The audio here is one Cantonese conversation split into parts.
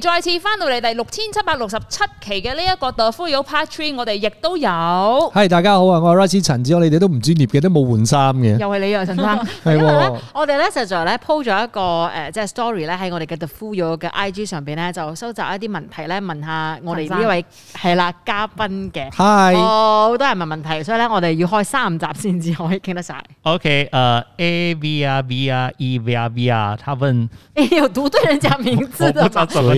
再次翻到嚟第六千七百六十七期嘅呢一個 The Fuyoh Part Three，我哋亦都有。係大家好 y，啊，我係 Royce 陳志康，我你哋都唔專業嘅，都冇換衫嘅。又係你啊陳生。係我哋咧就做咧鋪咗一個誒，即係 story 咧喺我哋嘅 The Fuyoh 嘅 IG 上邊咧，就收集一啲問題咧，問下我哋呢位係三啦嘉賓嘅。h Hi 好多人問問題，所以咧我哋要開三集先至可以傾得晒。o、okay, k、uh, a 誒，A V R B 啊、E V R B 啊，他問，有、哎、讀對人名名字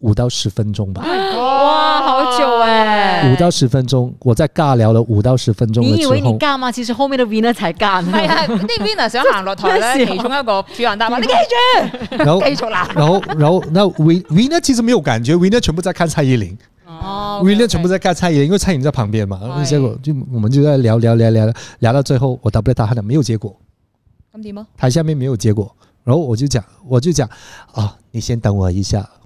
五到十分鐘吧，哇，好久哎！五到十分鐘，我在尬聊了五到十分鐘。你以為你尬嗎？其實後面的 Winner 才尬，係係，Winner 想行落台咧，其中一個主持人答你繼續，然後繼續啦。然後然後那 Win Winner 其實沒有感覺，Winner 全部在看蔡依林哦，Winner 全部在看蔡依林，因為蔡依林在旁邊嘛。然後結果就我們就在聊聊聊聊聊到最後，我 W 他他他沒有結果，咁點啊？台下面沒有結果，然後我就講，我就講啊，你先等我一下。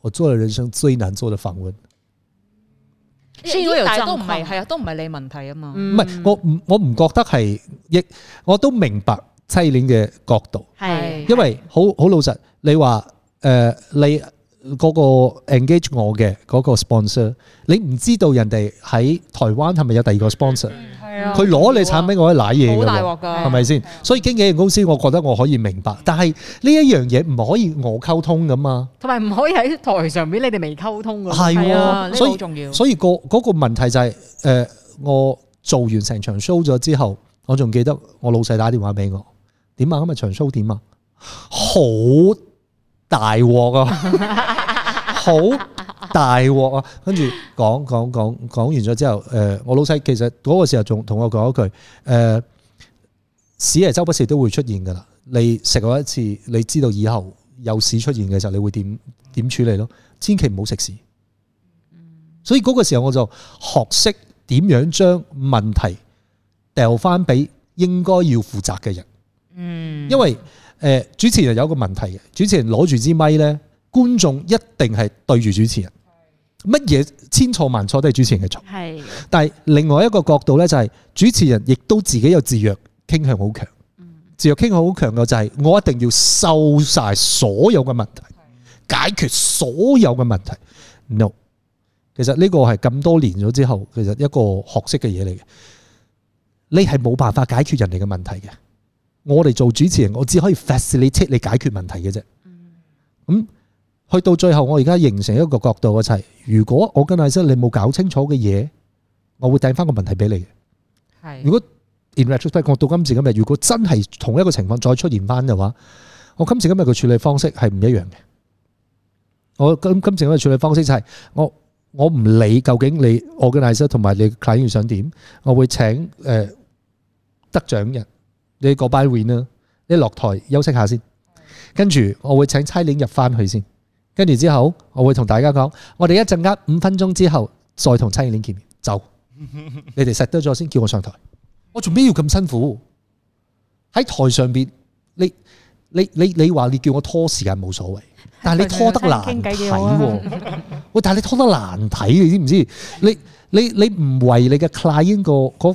我做了人生最難做的訪問，雖然但係都唔係，係啊，都唔係你的問題嘛。唔、嗯、我唔我唔覺得係，亦我都明白妻戀嘅角度，的因為好好老實，你話、呃、你。嗰個 engage 我嘅嗰個 sponsor，你唔知道人哋喺台灣係咪有第二個 sponsor？係、嗯、啊，佢攞你產品我賴嘢㗎，係咪先？所以經紀人公司，我覺得我可以明白，但係呢一樣嘢唔可以我溝通噶嘛，同埋唔可以喺台上面你哋未溝通㗎，係啊，啊所以重要所以個嗰個問題就係、是、誒、呃，我做完成場 show 咗之後，我仲記得我老細打電話俾我，點啊？今日場 show 點啊？好！大鑊啊，好大鑊啊！跟住講講講講完咗之後，誒，我老細其實嗰個時候仲同我講一句，誒、呃，屎係周不時都會出現噶啦。你食過一次，你知道以後有屎出現嘅時候，你會點點處理咯？千祈唔好食屎。所以嗰個時候我就學識點樣將問題掉翻俾應該要負責嘅人。嗯，因為。主持人有個問題嘅，主持人攞住支咪，呢觀眾一定係對住主持人。乜嘢千錯萬錯都係主持人嘅錯。但係另外一個角度呢，就係主持人亦都自己有自虐傾向好強。自虐傾向好強嘅就係我一定要收晒所有嘅問題，解決所有嘅問題。No，其實呢個係咁多年咗之後，其實一個學識嘅嘢嚟嘅。你係冇辦法解決人哋嘅問題嘅。我嚟做主持人，我只可以 facilitate 你解決問題嘅啫。咁去、嗯、到最後，我而家形成一個角度嘅就係、是，如果我跟 organizer 你冇搞清楚嘅嘢，我會掟翻個問題俾你。係是如果 in retrospect，我到今時今日，如果真係同一個情況再出現翻嘅話，我今時今日嘅處理方式係唔一樣嘅。我今今時今日嘅處理方式就係、是，我我唔理究竟你我跟 organizer 同埋你 client 要想點，我會請誒得獎人。你過班 win 啦，你落台休息下先，跟住我會請差領入翻去先，跟住之後我會同大家講，我哋一陣間五分鐘之後再同差領見面，就你哋食得咗先叫我上台，我做咩要咁辛苦？喺台上邊，你你你你話你叫我拖時間冇所謂，但係你拖得難睇，喂，但係你拖得難睇，你知唔知？你你你唔為你嘅 client 個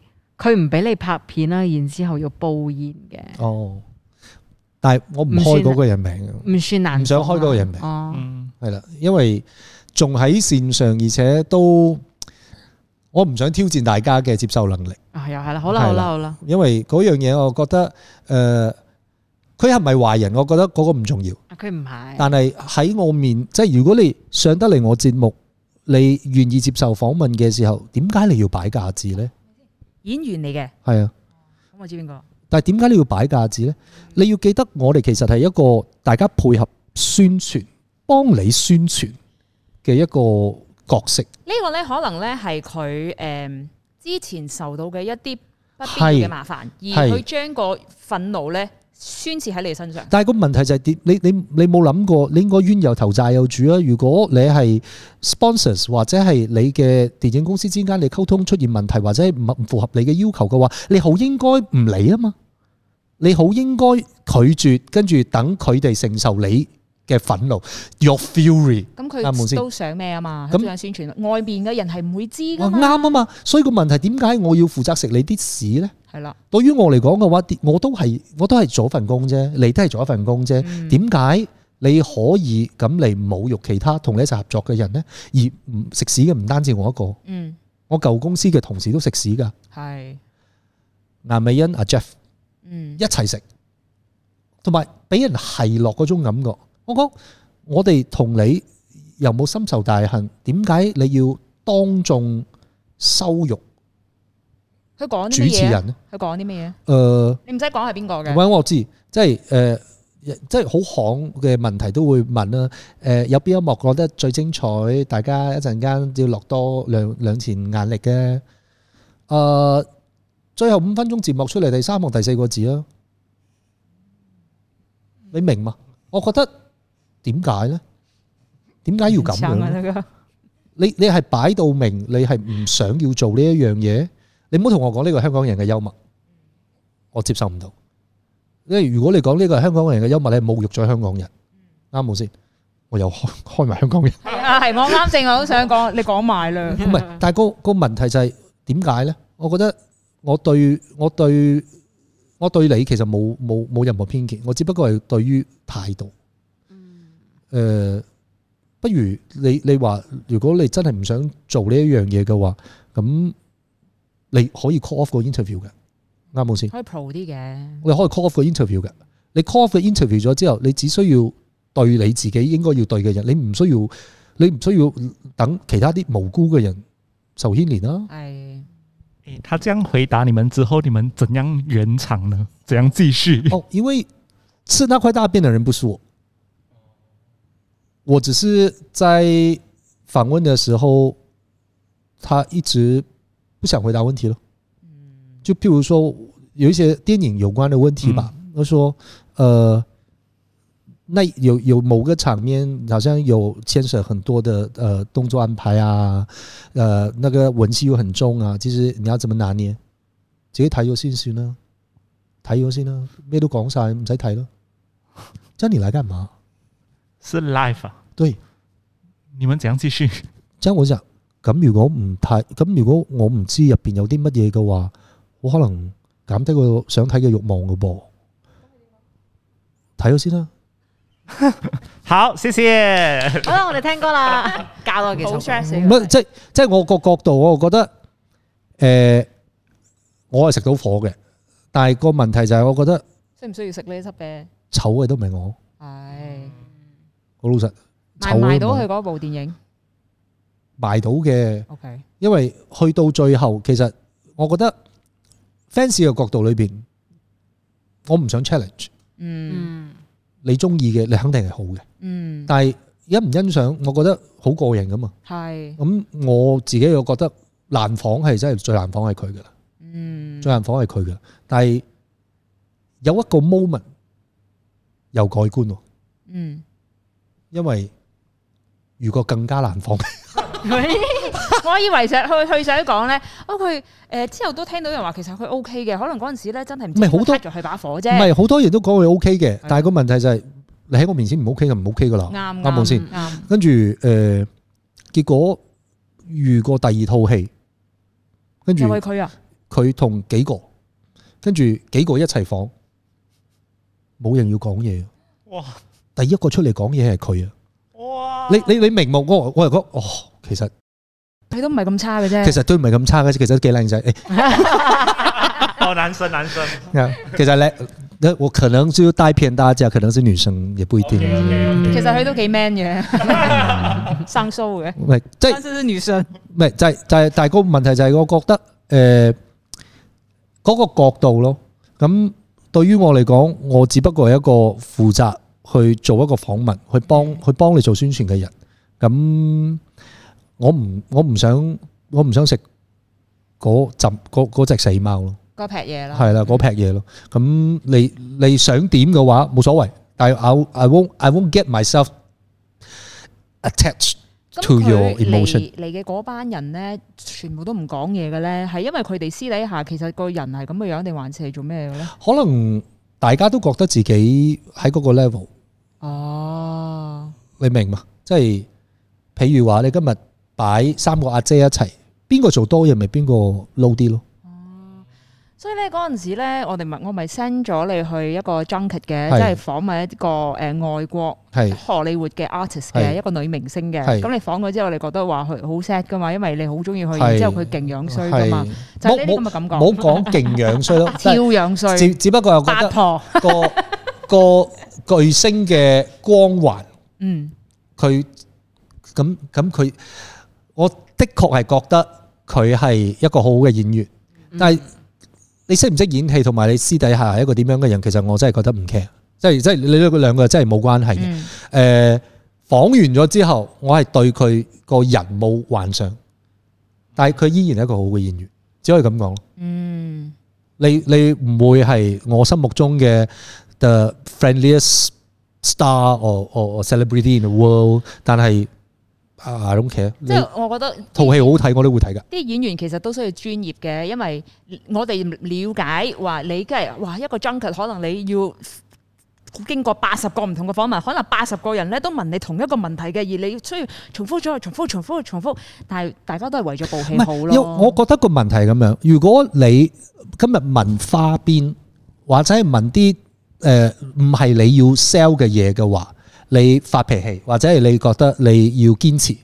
佢唔俾你拍片啦，然之後要報現嘅。哦，但係我唔開嗰個人名，唔算難，唔想開嗰個人名。哦，係啦，因為仲喺線上，而且都我唔想挑戰大家嘅接受能力。啊、哦，又係啦，好啦的，好啦，好啦。因為嗰樣嘢，我覺得誒，佢係咪壞人？我覺得嗰個唔重要。佢唔係。但係喺我面，即係如果你上得嚟我節目，你願意接受訪問嘅時候，點解你要擺架子咧？演員嚟嘅，係啊，咁我知邊個。但係點解你要擺架子呢？嗯，你要記得，我哋其實係一個大家配合宣傳，幫你宣傳嘅一個角色。呢個呢，可能呢係佢誒之前受到嘅一啲不必要嘅麻煩，而佢將個憤怒呢。宣洩喺你嘅身上，但係個問題就係點？你你你冇諗過，你應該冤有頭債有主啊！如果你係 sponsors 或者係你嘅電影公司之間你溝通出現問題或者唔唔符合你嘅要求嘅話，你好應該唔理啊嘛！你好應該拒絕，跟住等佢哋承受你嘅憤怒，your fury。咁佢都想咩啊嘛？咁樣宣傳，外面嘅人係唔會知噶嘛？啱啊嘛！所以個問題點解我要負責食你啲屎呢？係啦，對於我嚟講嘅話，我都係我都係做一份工啫，你都係做一份工啫。點解你可以咁嚟侮辱其他同你一齊合作嘅人呢？而食屎嘅唔單止我一個，嗯，我舊公司嘅同事都食屎噶，係顏美欣阿 Jeff，嗯，一齊食，同埋俾人奚落嗰種感覺。我講我哋同你又冇深仇大恨，點解你要當眾羞辱？佢講啲乜嘢？佢講啲乜嘢？誒，你唔使講係邊個嘅。唔係，我知，即係誒，即係好巷嘅問題都會問啦。誒，有邊一幕覺得最精彩？大家一陣間要落多兩兩錢眼力嘅。誒，最後五分鐘節目出嚟，第三幕第四個字啊，你明嘛？我覺得點解咧？點解要咁樣？你你係擺到明，你係唔想要做呢一樣嘢？你唔好同我講呢個香港人嘅幽默，我接受唔到。因為如果你講呢個係香港人嘅幽默，你侮辱咗香港人，啱冇先？我又開埋香港人，係我啱正，我都想講，你講埋啦。唔係，但係個個問題就係點解呢？我覺得我對我對我對你其實冇冇冇任何偏見，我只不過係對於態度。嗯。誒，不如你你話，如果你真係唔想做呢一樣嘢嘅話，咁。你可以 call off 個 interview 嘅，啱唔啱先？可以 pro 啲嘅。你可以 call off 個 interview 嘅。你 call off 個 interview 咗之後，你只需要對你自己應該要對嘅人，你唔需要，你唔需要等其他啲無辜嘅人受牽連啦、啊。係、哎，他這樣回答你們之後，你們怎樣圓場呢？怎樣繼續？哦，因為吃那塊大便的人不是我，我只是在訪問嘅時候，他一直。不想回答問題了，就譬如說有一些電影有關的問題吧。他說，呃，那有有某個場面好像有牽扯很多的呃動作安排啊，呃，那個文戲又很重啊。其實你要怎麼拿捏？直接睇咗先呢，啦，睇咗先呢咩都講晒，唔使睇咯。叫你來幹嘛？是 live？啊，對，你們怎樣繼續？這樣我講。咁如果唔睇，咁如果我唔知入邊有啲乜嘢嘅話，我可能減低個想睇嘅欲望嘅噃。睇咗先啦。好，謝謝。好啦，我哋聽歌啦，教多幾首。唔係，即係即係我個角度，我覺得，誒，我係食到火嘅，但係個問題就係，我覺得，需唔需要食呢？輯嘢醜嘅都唔係我。係，好老實。買到佢嗰部電影。買到嘅，因為去到最後，其實我覺得 fans 嘅角度裏邊，我唔想 challenge。嗯，你中意嘅，你肯定係好嘅。嗯，但係而家唔欣賞，我覺得好過癮噶嘛。係。咁我自己又覺得難訪係真係最難訪係佢噶啦。嗯，最難訪係佢噶啦，但係有一個 moment 又改觀喎。嗯，因為如果更加難訪。 我以為實去去想講咧，哦佢誒之後都聽到人話其實佢 O K 嘅，可能嗰陣時咧真係唔係好多係把火啫，唔係好多人都講佢 O K 嘅，是的但係個問題就係、是、你喺我面前唔 O K 就唔 O K 噶啦。啱啱冇先，跟住誒結果遇過第二套戲，跟住佢啊，佢同幾個跟住幾個一齊訪，冇人要講嘢，哇！第一個出嚟講嘢係佢啊，哇！你你你明目我我係覺哦。其實佢都唔係咁差嘅啫，其實都唔係咁差嘅啫，其實都幾靚仔。我 哦、男生，男生，其實咧，我可能要帶偏大家，可能是女生也不一定。 嗯、其實佢都幾 man 嘅，生疏嘅，即係是女生。唔係就係、是、就係、是，但係個問題就係，我覺得誒嗰、呃那個角度咯。咁對於我嚟講，我只不過係一個負責去做一個訪問，去幫去幫你做宣傳嘅人咁。我唔我唔想我唔想食嗰隻嗰嗰隻死貓咯，嗰撇嘢咯，係啦，嗰撇嘢咯。咁你你想點嘅話冇所謂，但係 I I won't I won't get myself attached to your emotion。嚟嘅，嗰班人咧，全部都唔講嘢嘅咧，係因為佢哋私底下其實個人係咁嘅樣，定還是係做咩嘅咧？可能大家都覺得自己喺嗰個 level 哦，你明嘛？即係譬如話你今日。擺三個阿姐一齊，邊個做多嘢咪邊個撈啲咯。哦，所以咧嗰陣時咧，我哋咪我咪 send 咗你去一個 junket 嘅，即係訪問一個誒外國係荷里活嘅 artist 嘅一個女明星嘅。咁你訪咗之後，你覺得話佢好 sad 噶嘛？因為你好中意佢，然之後佢勁樣衰噶嘛？就呢咁嘅感覺。唔好講勁樣衰咯，超樣衰。只只不過又覺得個個巨星嘅光環，嗯，佢咁咁佢。我的確係覺得佢係一個好好嘅演員，但係你識唔識演戲同埋你私底下係一個點樣嘅人，其實我真係覺得唔 care，即係即係你呢兩個真係冇關係嘅。誒、呃，訪完咗之後，我係對佢個人冇幻想，但係佢依然係一個好嘅演員，只可以咁講咯。嗯，你你唔會係我心目中嘅 the friendliest star or or celebrity in the world，但係。啊，咁嘅，即係我覺得套戲好睇，我都會睇嘅。啲演員其實都需要專業嘅，因為我哋瞭解話你，即係哇一個 junket 可能你要經過八十個唔同嘅訪問，可能八十個人咧都問你同一個問題嘅，而你要需要重複再重複重複、重複，但係大家都係為咗部戲好咯。因為我覺得個問題係咁樣，如果你今日問花邊或者係問啲誒唔係你要 sell 嘅嘢嘅話。你發脾氣，或者係你覺得你要堅持呢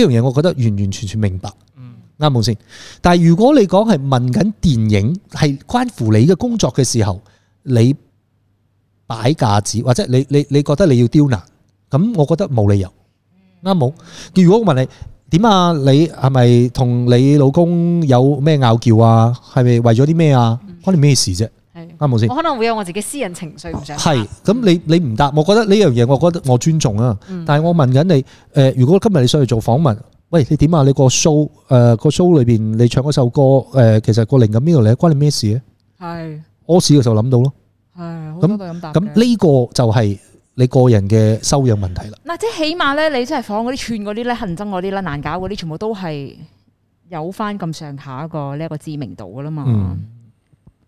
樣嘢，東西我覺得完完全全明白。嗯，啱冇先。但係如果你講係問緊電影係關乎你嘅工作嘅時候，你擺架子或者你你你覺得你要刁難，咁我覺得冇理由。啱冇。如果我問你點啊，你係咪同你老公有咩拗撬啊？係咪為咗啲咩啊？關你咩事啫？啱冇先，我可能會有我自己私人情緒唔想答。係，咁你你唔答，我覺得呢樣嘢，我覺得我尊重啊。但係我問緊你，誒，如果今日你想去做訪問，喂，你點啊？你個 show，誒，個 show 裏邊你唱嗰首歌，誒，其實個靈感邊度嚟？關你咩事啊？係，屙屎嘅時候諗到咯。係，好多都係咁答。咁呢個就係你個人嘅修養問題啦。嗱，即係起碼咧，你真係放嗰啲串嗰啲咧，恨憎嗰啲咧，難搞嗰啲，全部都係有翻咁上下一個呢一個知名度噶啦嘛。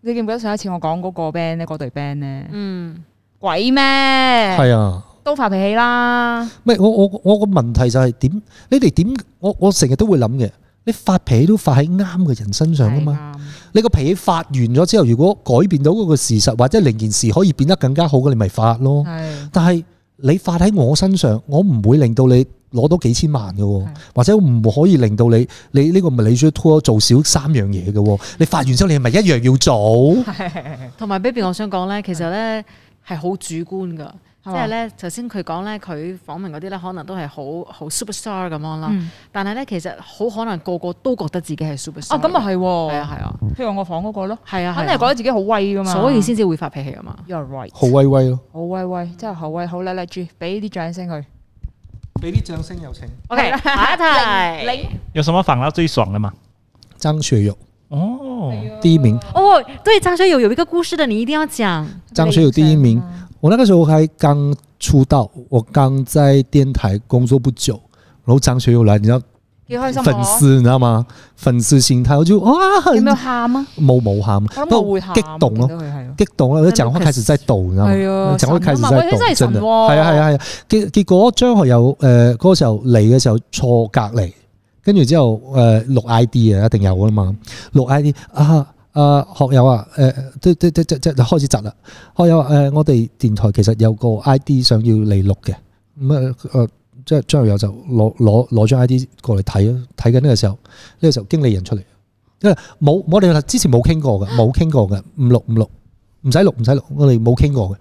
你記唔記得上一次我講嗰個 band 咧，嗰隊 band 咧？嗯，鬼咩？係是啊，都發脾氣啦。唔係我我我個問題就係點？你哋點？我我成日都會諗嘅。你發脾氣都發喺啱嘅人身上啊嘛。是啊，你個脾氣發完咗之後，如果改變到嗰個事實或者令件事可以變得更加好嘅，你咪發咯。係。是啊、但係你發喺我身上，我唔會令到你。攞多幾千萬嘅，或者唔可以令到你你呢個咪你做 t 做少三樣嘢嘅，你發完之後你係咪一樣要做？係係係。同埋 baby，我想講咧，其實咧係好主觀嘅，即係咧頭先佢講咧，佢訪問嗰啲咧可能都係好好 superstar 咁樣啦。但係咧，其實好可能個個都覺得自己係 superstar。啊，咁啊係喎。係啊係啊。譬如我訪嗰個咯。係啊。肯定係覺得自己好威㗎嘛。所以先至會發脾氣啊嘛。You're right。好威威咯！好威威，即係好威好叻叻豬俾啲掌聲佢。俾啲掌聲，有請。OK，下一題，你 Link. 有什麼訪到最爽的嘛？張學友，哦，第一名。哦，對，張學友有一個故事的，你一定要講。張學友第一名，啊、我那個時候還剛出道，我剛，我剛在電台工作不久，然後張學友來，你知道。粉絲，你知道嗎？粉絲心態，我就啊，點樣喊啊？冇冇喊，不過我會喊，激動咯，激動咯，我講話開始在抖啊嘛，情緒開始在抖，真係，係啊係啊係啊，結結果張學友誒嗰個時候嚟嘅時候錯隔離，跟住之後誒錄 I D 啊，一定有噶嘛，錄 I D 啊，阿學友啊，誒，即即即即就開始窒啦，學友誒，我哋電台其實有個 I D 想要嚟錄嘅，咁啊誒。即係張學友就攞攞攞張 ID 過嚟睇咯，睇緊呢個時候，呢、呢個時候經理人出嚟，因為冇我哋之前冇傾過嘅，冇傾過嘅唔錄唔錄，唔使錄唔使錄，錄，錄，我哋冇傾過嘅。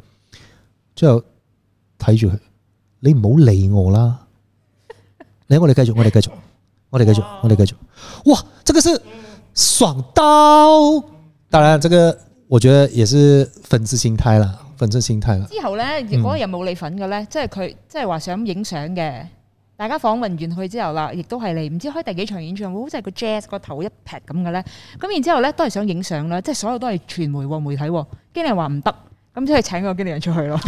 最後睇住佢，你唔好理我啦。嚟 我哋繼續，我哋繼續，我哋繼續，我哋繼續。哇，這個是爽到，當然這個我覺得也是粉絲心態啦。嗯、之後咧，如果又冇你份嘅咧，即係佢即係話想影相嘅，大家訪問完佢之後啦，亦都係你。唔知開第幾場演唱會，好似係個 Jazz 個頭一劈咁嘅咧。咁然之後咧，都係想影相啦，即係所有都係傳媒媒體，經理人話唔得，咁即係請個經理人出去咯。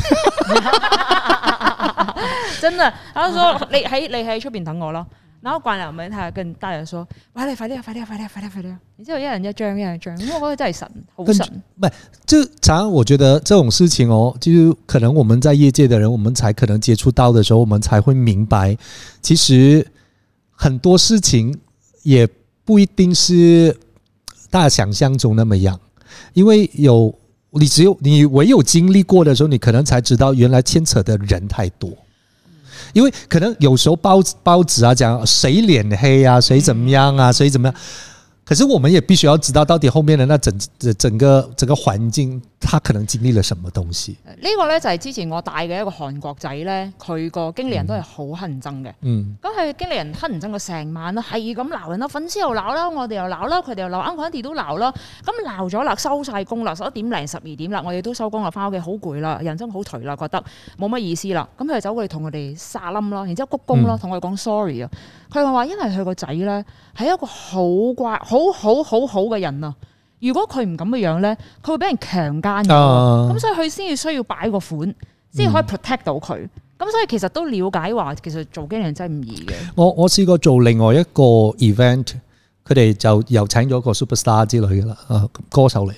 真係，阿 你喺你喺出邊等我咯。然後關了門，他跟大人說：“快點，快 點，快很點，快點，快 點！”，你知道，一人一張，一人一張，因為我覺得真神，好神。不，就常常我覺得這種事情哦，就是可能我們在業界的人，我們才可能接觸到的時候，我們才會明白，其實很多事情也不一定是大家想象中那麼樣，因為有你只有你唯有經歷過的時候你可能才知道，原來牽扯的人太多。因為可能有時候報紙報紙啊講誰臉黑啊誰怎麼樣啊誰怎麼樣，可是我們也必須要知道到底後面的那整整整個整個環境。他可能經歷了什麼東西？呢個咧就係之前我帶嘅一個韓國仔咧，佢個經理人都係好乞人憎嘅。嗯，咁佢經理人乞人憎個成晚咯，係咁鬧人咯，粉絲又鬧啦，我哋又鬧啦，佢哋又鬧，啱哋都鬧啦。咁鬧咗啦，收晒工啦，十一點零十二點啦，我哋都收工啦，翻屋企好攰啦，人生好頹啦，覺得冇乜意思啦。咁佢走過嚟同佢哋撒冧啦，然之後鞠躬咯，同我哋講 sorry 啊。佢話話因為佢個仔咧係一個好乖、好好好好嘅人啊。如果佢唔咁嘅樣咧，佢會俾人強奸嘅。咁、啊、所以佢先要需要擺個款，先、嗯、可以 protect 到佢。咁所以其實都了解話，其實做經理真係唔易嘅。我我試過做另外一個 event，佢哋就又請咗個 superstar 之類嘅啦，啊歌手嚟。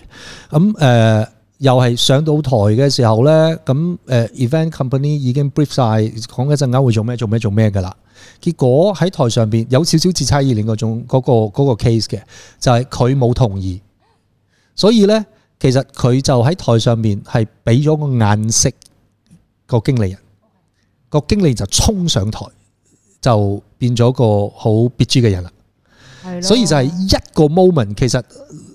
咁、呃、誒又係上到台嘅時候咧，咁、呃、誒 event company 已經 brief 晒，講一陣間會做咩做咩做咩嘅啦。結果喺台上邊有少少自差二念嗰種嗰嗰個 case 嘅，就係佢冇同意。所以呢，其實佢就喺台上面係俾咗個眼色個經理人，個 Okay. 經理就衝上台，就變咗個好別緻嘅人啦。係咯。所以就係一個 moment，其實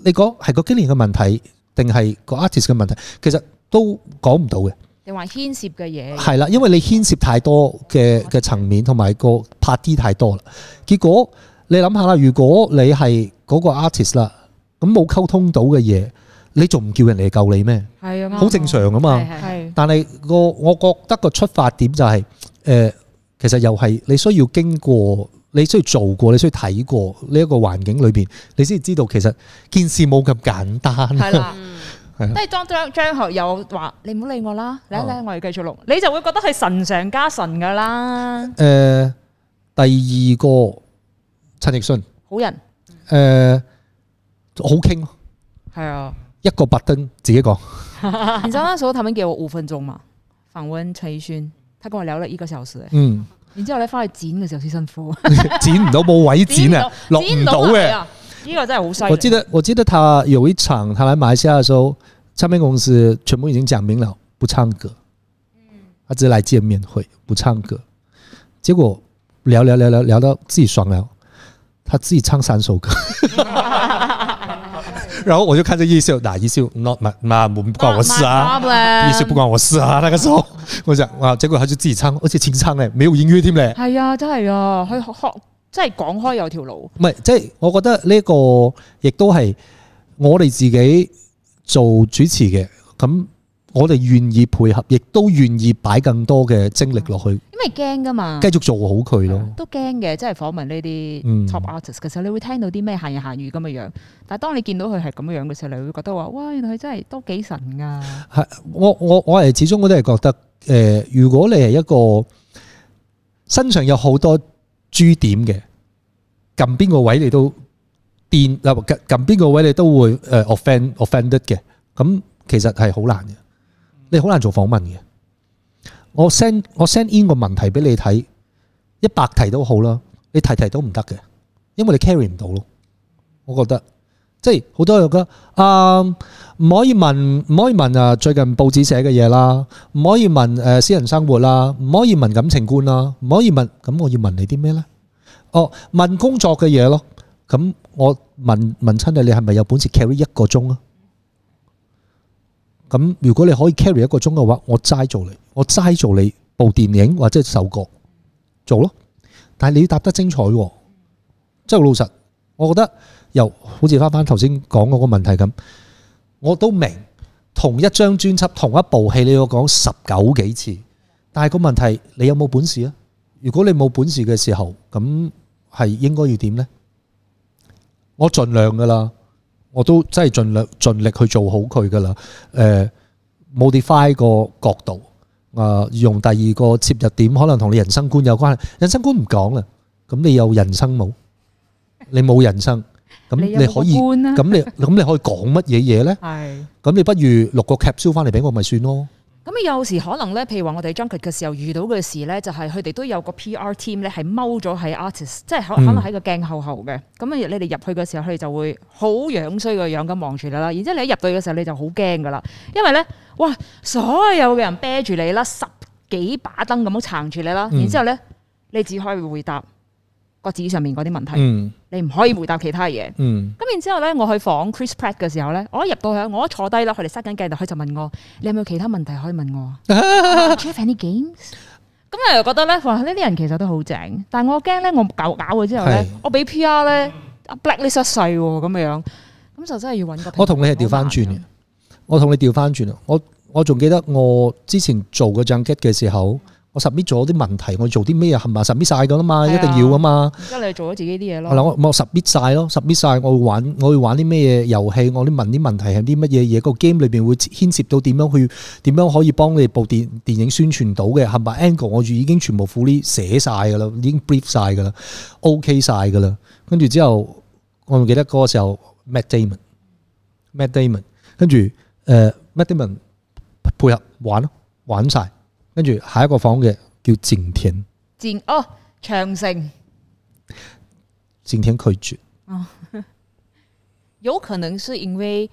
你講係個經理嘅問題，定係個 artist 嘅問題，其實都講唔到嘅。你話牽涉嘅嘢係啦，因為你牽涉太多嘅嘅層面，同埋個 part 太多啦。結果你諗下啦，如果你係嗰個 artist 啦。咁冇溝通到嘅嘢，你仲唔叫人嚟救你咩？係啊，好正常啊嘛。但係我覺得個出發點就係，是呃，其實又係你需要經過，你需要做過，你需要睇過呢一個環境裏面，你先知道其實件事冇咁簡單。係啦，即係當張學友話你唔好理我啦，你嚟，我要繼續錄，你就會覺得係神上加神噶啦，呃。第二個陳奕迅，好人。呃好傾咯，係 All 啊，一個白燈自己講。你知道那時候他們給我五分鐘嘛？訪問陳奕迅，他跟我聊了一個小時欸。嗯，然之後呢翻去剪嘅時候先辛苦，剪唔到冇位剪啊，落唔到啊。呢個真係好犀利。我記得我記得他有一場，他來馬來西亞嘅時候，唱片公司全部已經講明了不唱歌，嗯，他只係來見面會不唱歌。結果聊聊聊聊聊到自己爽。聊，他自己唱三首歌。 然後我就看住葉秀打葉秀，no，媽，媽唔關我事啊，葉秀唔關我事啊。那個時候，我講，哇，結果他就自己唱，而且清唱咧，沒有音樂添咧。係啊，真係啊，佢學，即係講開有條路。唔係，即係我覺得呢個亦都係我哋自己做主持嘅咁。我哋願意配合，亦都願意擺更多嘅精力落去。因為驚噶嘛，繼續做好佢咯。都驚嘅，即係訪問呢啲 top artist 嘅時候，你會聽到啲咩閒言閒語咁嘅樣。但係當你見到佢係咁樣嘅時候，你會覺得話：哇，原來佢真係都幾神噶。係我我我係始終我都係覺得，誒，如果你係一個身上有好多珠點嘅，撳邊個位你都電，撳撳邊個位你都會誒 offend offended 嘅。咁其實係好難嘅。你好難做訪問嘅，我 send 我 send in 個問題俾你睇，一百題都好啦，你題題都唔得嘅，因為你 carry 唔到咯，我覺得，即係好多人覺得，啊唔可以問唔可以問啊最近報紙寫嘅嘢啦，唔可以問誒私人生活啦，唔可以問感情觀啦，唔可以問，咁我要問你啲咩咧？哦，問工作嘅嘢咯，咁我問問親你，你係咪有本事 carry 一個鐘啊？咁如果你可以 carry 一個鐘嘅話，我齋做你，我齋做你部電影或者首歌做咯。但係你要答得精彩喎，即係老實，我覺得又好似翻返頭先講嗰個問題咁，我都明同一張專輯同一部戲你要講十九幾次，但係個問題你有冇本事啊？如果你冇本事嘅時候，咁係應該要點呢？我盡量噶啦。我都真係盡量盡力去做好佢噶啦，誒，modify 個角度，啊，用第二個切入點，可能同你人生觀有關。人生觀唔講啦，咁你有人生冇？你冇人生，咁你可以，咁你咁你可以講乜嘢嘢咧？係，咁你不如錄個劇燒翻嚟俾我咪算咯。咁啊，有時可能咧，譬如話我哋 junket 嘅時候遇到嘅事咧，就係佢哋都有個 PR team 咧，係踎咗喺 artist，即係可可能喺個鏡後後嘅。咁啊，如果你入去嘅時候，佢哋就會好樣衰個樣咁望住你啦。然之後你一入到嘅時候，你就好驚噶啦，因為咧，哇！所有嘅人啤住你啦，十幾把燈咁樣撐住你啦。然之後咧，嗯、你只可以回答個紙上面嗰啲問題，你唔可以回答其他嘢。咁然之後咧，我去訪 Chris Pratt 嘅時候咧，我一入到去，我一坐低咯，佢哋塞緊鏡，就佢就問我：你有冇其他問題可以問我？Do you have any games？咁我又覺得咧，佢話呢啲人其實都好正，但係我驚咧，我搞搞咗之後咧，我俾 PR 咧，Blacklist 一世喎，咁樣，咁就真係要揾個。我同你係調翻轉嘅，我同你調翻轉啊！我我仲記得我之前做個 journal 嘅時候。我 submit 咗啲問題，我做啲咩啊？係嘛？submit 晒噶啦嘛，一定要噶嘛。而家你做咗自己啲嘢咯。係啦，我我 submit 晒咯，submit 晒。我會玩，我會玩啲咩遊戲？我啲問啲問題係啲乜嘢嘢？個 game 裏邊會牽涉到點樣去？點樣可以幫你部電電影宣傳到嘅？係嘛？Angle，我已已經全部 fully 寫晒噶啦，已經 brief 晒噶啦，OK 晒噶啦。跟住之後，我仲記得嗰個時候，Matt Damon，Matt Damon，跟住誒，Matt Damon 配合玩咯，玩晒。跟住下一個訪問嘅，叫景田，景哦長城，景田拒絕哦，有可能是因為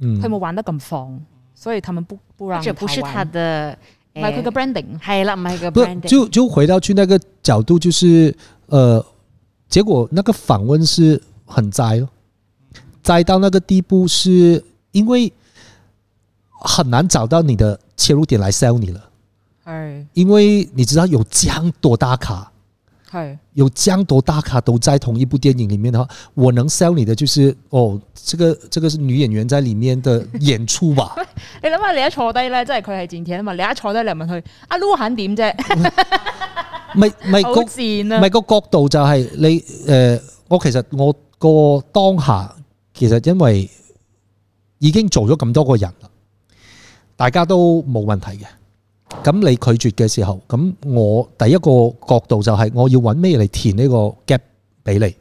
佢冇玩得咁放，所以他們不不讓，或者不是他的，唔係佢嘅 branding，係啦，唔係個 branding。不就就回到去那個角度，就是，呃，結果那個訪問是很齋咯，齋到那個地步，是因為很難找到你的切入點來 sell 你了。因為你知道有咁多大咖，係有咁多大咖，都在同一部電影裏面的話，我能 sell 你的就是，哦，這個這個是女演員在裏面的演出吧？ 你諗下是是，你一坐低咧，即係佢係賤嘅嘛？你一坐低，你又問佢，阿鹿肯點啫？唔係係係個角度就係你誒、呃，我其實我個當下其實因為已經做咗咁多個人啦，大家都冇問題嘅。咁你拒絕嘅時候，咁我第一個角度就係我要揾咩嚟填呢個 gap 俾你，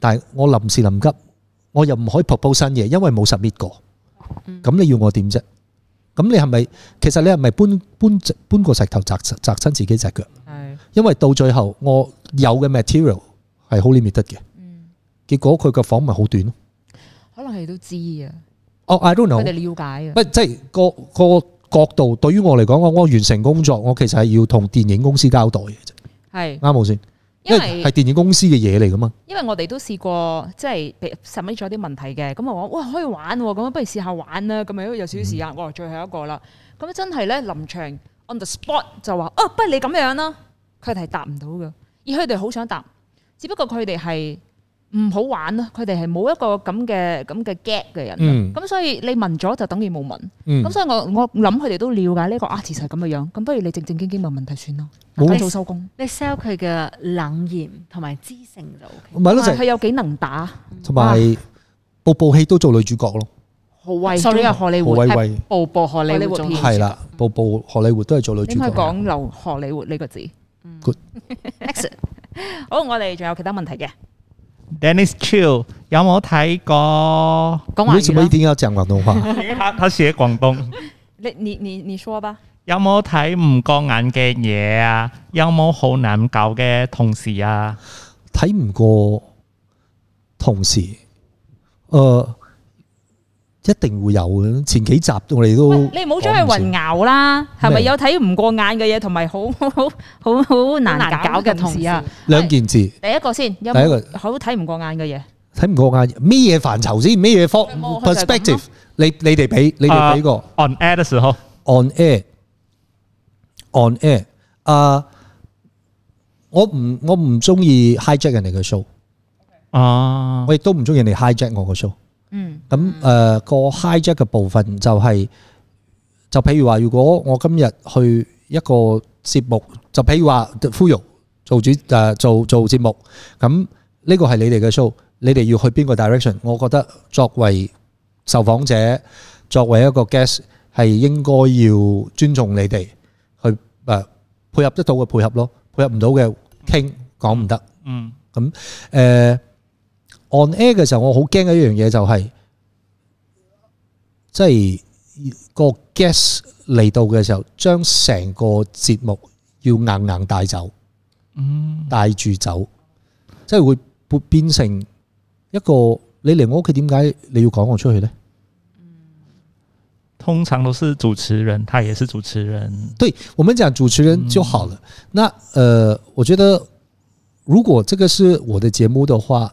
但係我臨時臨急，我又唔可以瀑布新嘢，因為冇實滅過，咁你要我點啫？咁你係咪其實你係咪搬搬搬個石頭砸砸親自己隻腳？是因為到最後我有嘅 material 係好 limit 得嘅，嗯、結果佢個訪問好短咯，可能係都知啊。哦、oh,，I don't know，佢哋了解啊。即係、那個。那個角度對於我嚟講，我我完成工作，我其實係要同電影公司交代嘅啫。係啱冇先，因為係電影公司嘅嘢嚟噶嘛。因為我哋都試過即係俾 submit 咗啲問題嘅，咁我話喂可以玩喎，咁不如試下玩啦，咁咪有少少時間。哇，最後一個啦，咁真係咧臨場 on the spot 就話哦，不如你咁樣啦，佢哋係答唔到噶，而佢哋好想答，只不過佢哋係。唔好玩咯，佢哋係冇一個咁嘅咁嘅 gap 嘅人，咁所以你問咗就等於冇問，咁所以我我諗佢哋都了解呢個啊，其實係咁嘅樣，咁不如你正正經經問問題算咯，我做收工。你 sell 佢嘅冷艷同埋知性就 OK，佢有幾能打，同埋部部戲都做女主角咯。何偉，sorry 荷里活，何偉，部部荷里活片係啦，部部荷里活都係做女主角。講流荷里活呢個字，good，excellent。好，我哋仲有其他問題嘅。Dennis Chew 有冇睇過？你為什麼一定要講廣東話？因 他他寫廣東。 你你你，你說吧。有冇睇唔過眼嘅嘢啊？有冇好難搞嘅同事啊？睇唔過同事，呃。一定會有嘅，前幾集我哋都你唔好出去混淆啦。係咪有睇唔過眼嘅嘢，同埋好好好好好難難搞嘅同事啊？兩件事，第一個先，第一個好睇唔過眼嘅嘢，睇唔過眼咩嘢範疇先？咩嘢方 perspective？你你哋俾你哋俾個 on air 嘅時候，on air，on air。啊，我唔我唔中意 hijack 人哋嘅 show，啊，我亦都唔中意人哋 hijack 我個 show。嗯，咁誒個 hijack 嘅部分就係，就譬如話，如果我今日去一個節目，就譬如話，FUYOH 做主誒做做節目，咁呢個係你哋嘅 show，你哋要去邊個 direction？我覺得作為受訪者，作為一個 guest，係應該要尊重你哋去誒配合得到嘅配合咯，配合唔到嘅傾講唔得。嗯，咁誒。on air 嘅時候，我好驚嘅一樣嘢就係，即係個 guest 嚟到嘅時候，將成個節目要硬硬帶走，嗯，帶住走，即係會變變成一個你嚟我屋企點解你要趕我出去咧？通常都是主持人，他也是主持人。對我們講主持人就好了。嗯、那，呃，我覺得如果這個是我的節目的話。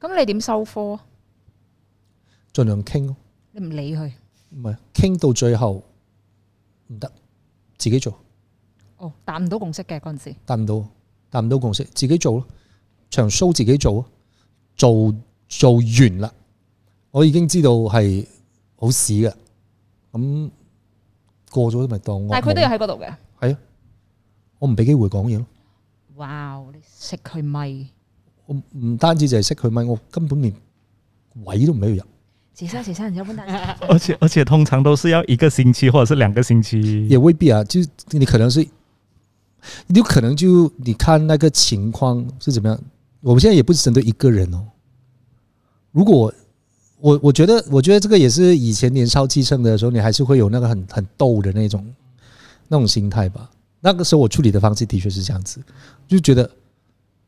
咁你點收科？盡量傾咯。你唔理佢。唔係，傾到最後唔得，自己做。哦，達唔到共識嘅嗰陣時。達唔到，達唔到共識，自己做咯。場 show 自己做咯，做做完啦。我已經知道係好屎嘅，咁過咗都咪當。但係佢都要喺嗰度嘅。係啊，我唔俾機會講嘢咯。哇，你食佢米。我唔單止就係識佢咪，我根本連一都沒有入。先生，先生，你要問大家。而且而且，通常都是要一個星期，或者是兩個星期，也未必啊。就你可能是，有可能就你看那個情況是怎麼樣。我們現在也不針對一個人哦。如果我我覺得，我覺得這個也是以前年少氣盛的時候，你還是會有那個很很逗的那種那種心態吧。那個時候我處理的方式的確是這樣子，就覺得。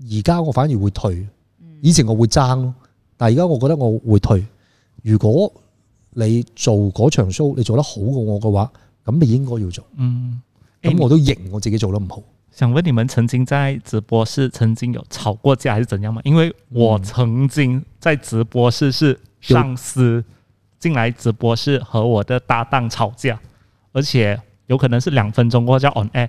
而家我反而會退，以前我會爭，但係而家我覺得我會退。如果你做嗰場 show，你做得好過我嘅話，咁你應該要做。嗯，咁、欸、我都認我自己做得唔好。想問你們曾經在直播室曾經有吵過架還是怎樣嗎？因為我曾經在直播室，是上司進來直播室和我的搭檔吵架，而且有可能是兩分鐘或者 on air。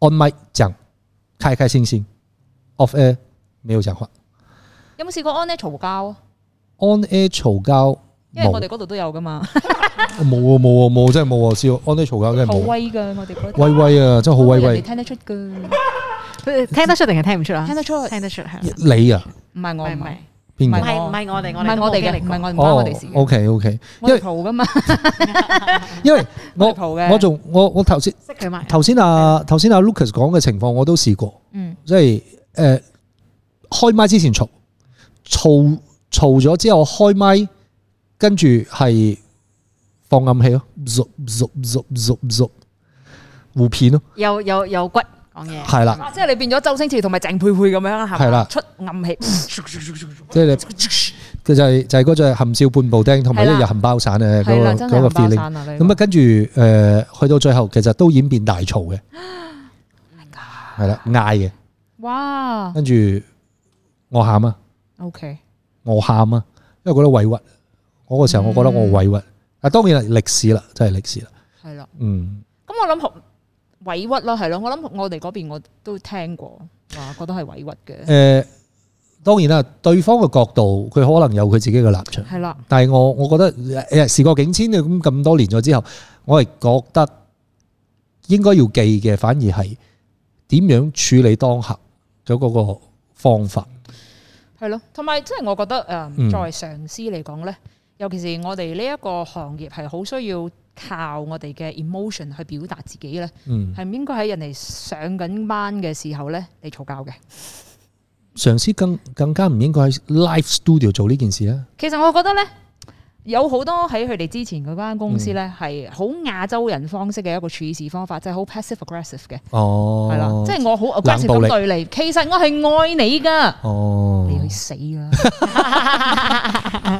on mic 講開開心心，off air 沒有講話，有冇試過 on air 嘈交啊？on air 嘈交，因為我哋嗰度都有噶嘛，冇啊冇啊冇，真係冇啊！試過 on air 嘈交真係冇，威噶我哋威威啊真係好威威，你聽得出噶，聽得出定係聽唔出啊？聽得出，聽得出係你啊？唔係我唔係。唔係唔係我哋，我唔係我哋嘅，唔係我唔關我哋事。OK OK，我嚟嘈噶嘛？因為我嚟圖嘅，我仲我我頭先識佢嘛？頭先啊頭先啊，Lucas 講嘅情況我都試過，即係誒開麥之前嘈嘈嘈咗之後開麥，跟住係放暗器咯，咗咗咗咗咗，互片咯，有有有骨。講嘢係啦，即係你變咗周星馳同埋鄭佩佩咁樣啦，係啦，出暗氣，即係你佢就係就係嗰隻含笑半步釘，同埋咧又含包散嘅嗰個嗰個 feel 咧。咁啊，跟住誒去到最後，其實都演變大嘈嘅，係啦，嗌嘅，哇！跟住我喊啊，OK，我喊啊，因為覺得委屈，我嗰時候我覺得我委屈啊。當然係歷史啦，真係歷史啦，係咯，嗯。咁我諗委屈咯，係咯，我諗我哋嗰邊我都聽過，啊，覺得係委屈嘅。誒、呃，當然啦，對方嘅角度，佢可能有佢自己嘅立場。係啦的，但係我我覺得誒事過境遷嘅咁咁多年咗之後，我係覺得應該要記嘅，反而係點樣處理當下嘅嗰個方法。係咯，同埋即係我覺得誒，作為上司嚟講咧。嗯尤其是我哋呢一個行業係好需要靠我哋嘅 emotion 去表達自己咧，係唔應該喺人哋上緊班嘅時候咧嚟嘈交嘅。上司、嗯、更更加唔應該喺 live studio 做呢件事啦。其實我覺得咧，有好多喺佢哋之前嗰間公司咧係好亞洲人方式嘅一個處事方法，就係、是、好 passive aggressive 嘅。哦，係啦，即、就、係、是、我好，我好 aggressive 對你。其實我係愛你噶。哦，你去死啦！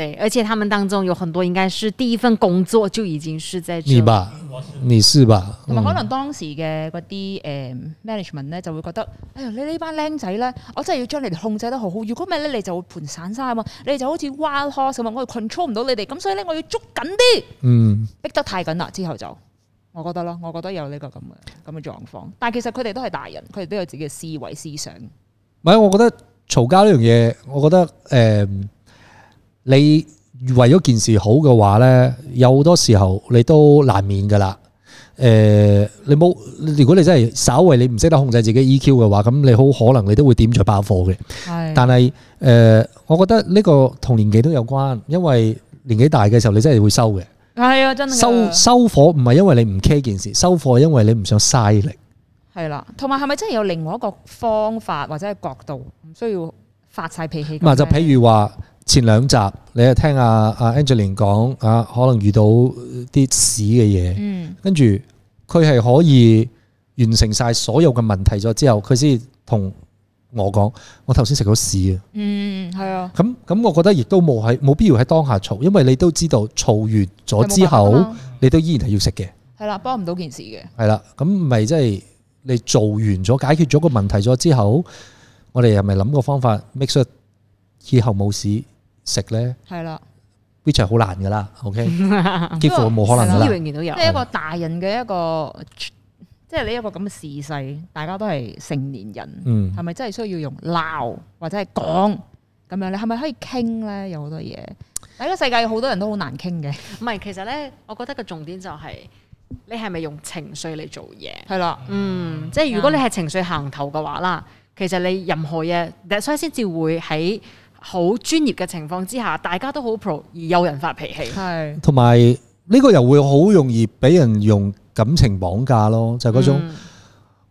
對，而且他們當中有很多，應該是第一份工作就已經是在。你吧，你、嗯、是吧？咁啊，可能當時嘅嗰啲誒 management 咧，就會覺得，嗯、哎呀，你呢班僆仔咧，我真係要將你哋控制得好好。如果唔係咧，你就會盤散晒啊嘛，你就好似 wild horse 咁我 control 唔到你哋，咁所以咧，我要捉緊啲，嗯，逼得太緊啦，之後就，我覺得咯，我覺得有呢個咁嘅咁嘅狀況。但係其實佢哋都係大人，佢哋都有自己嘅思維思想。唔係，我覺得嘈交呢樣嘢，我覺得誒。嗯你為咗件事好嘅話呢，有好多時候你都難免噶啦。誒、呃，你冇，如果你真係稍微你唔識得控制自己 EQ 嘅話，咁你好可能你都會點著爆火嘅。係。但係誒、呃，我覺得呢個同年紀都有關，因為年紀大嘅時候你真係會收嘅。係啊，真嘅。收收火唔係因為你唔 care 件事，收火因為你唔想嘥力。係啦，同埋係咪真係有另外一個方法或者係角度唔需要發晒脾氣？嘛，就譬如話。前兩集你又聽阿阿 Angeline 講啊，可能遇到啲屎嘅嘢，跟住佢係可以完成晒所有嘅問題咗之後，佢先同我講，我頭先食咗屎啊。嗯，係啊。咁咁，我覺得亦都冇係冇必要喺當下嘈，因為你都知道嘈完咗之後，啊、你都依然係要食嘅。係啦，幫唔到件事嘅。係啦，咁咪即係你做完咗解決咗個問題咗之後，我哋又咪諗個方法 make sure 以後冇屎？食咧，係啦，which 係好難噶啦，OK，幾乎冇可能啦。呢永遠都有，呢、嗯、一個大人嘅一個，即係你一個咁嘅事勢，大家都係成年人，係咪、嗯、真係需要用鬧或者係講咁樣你係咪可以傾咧？有好多嘢，喺呢個世界好多人都好難傾嘅。唔係，其實咧，我覺得個重點就係你係咪用情緒嚟做嘢？係啦，嗯，嗯，即係如果你係情緒行頭嘅話啦，其實你任何嘢，所以先至會喺。好專業嘅情況之下，大家都好 pro，而有人發脾氣，係同埋呢個又會好容易俾人用感情綁架咯，就係嗰種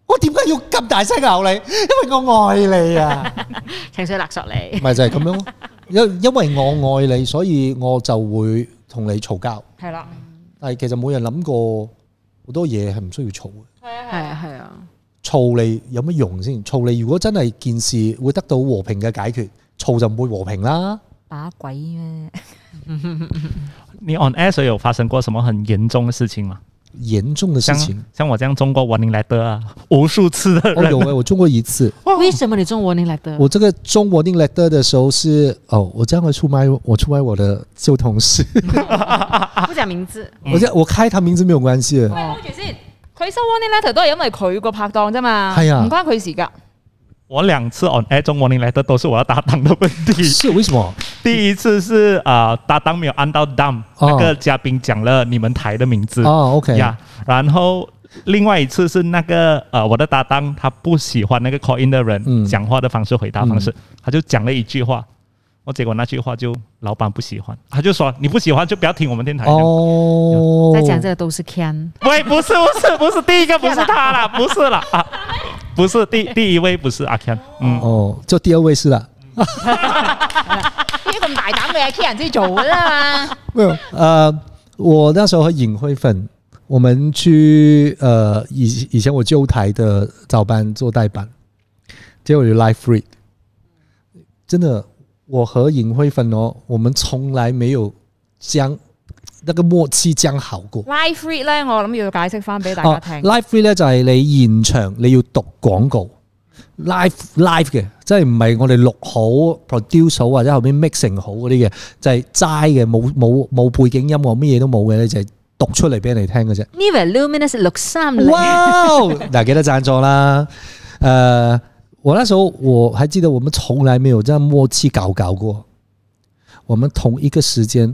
我點解要咁大聲鬧你？因為我愛你啊，情緒勒索你，唔係就係咁樣咯。因因為我愛你，所以我就會同你嘈交，係啦。但係其實冇人諗過好多嘢係唔需要嘈嘅，係啊係係啊，嘈你有乜用先？嘈你如果真係件事會得到和平嘅解決。嘈就唔會和平啦，把鬼咩？你 on air 有發生過什麼很嚴重嘅事情嗎？嚴重嘅事情，像我這樣中過 warning letter 啊，無數次的。有喂，我中過一次。為什麼你中 warning letter？我這個中 warning letter 嘅時候是，哦，我將會出賣我出賣我的舊同事，不講名字，我我開他名字沒有關係。關鍵，佢收 warning letter 都係因為佢個拍檔啫嘛，係啊，唔關佢事噶。我兩次 on morning l 中 t t 來的都是我要搭檔的問題。是為什麼？第一次是啊，搭、呃、檔沒有按到 d u m b 那個嘉賓講了你們台的名字。哦、oh，OK，呀，yeah. 然後另外一次是那個呃，我的搭檔他不喜歡那個 call in 的人講話的方式、嗯、回答方式，他就講了一句話，我結果那句話就老闆不喜歡，他就說你不喜歡就不要聽我們電台。哦，oh. You know? 他講這個都是 can，喂，不是，不是，不是，不是 第一個不是他了，不是了。 啊 不是第第一位，不是阿 Ken、啊、嗯，哦，就第二位是了。你咁大膽嘅，去人哋做啦。沒有，呃，我那時候和尹慧芬，我們去呃以以前我舊台的早班做代班，結果就 Life Free。真的，我和尹慧芬哦，我們從來沒有將。得個摩契將效果。Live read 咧，我諗要解釋翻俾大家聽。Oh, live read 咧就係你現場你要讀廣告，live live 嘅，即係唔係我哋錄好 producer 或者後邊 mixing 好嗰啲嘅，就係齋嘅，冇冇冇背景音樂，乜嘢都冇嘅咧，就係讀出嚟俾你聽嘅啫。Nivea Luminous 六三零。哇！嗱，記得讚助啦。誒、呃，我那時候我還知道，我們從來沒有真係摩契搞搞過，我們同一個時間。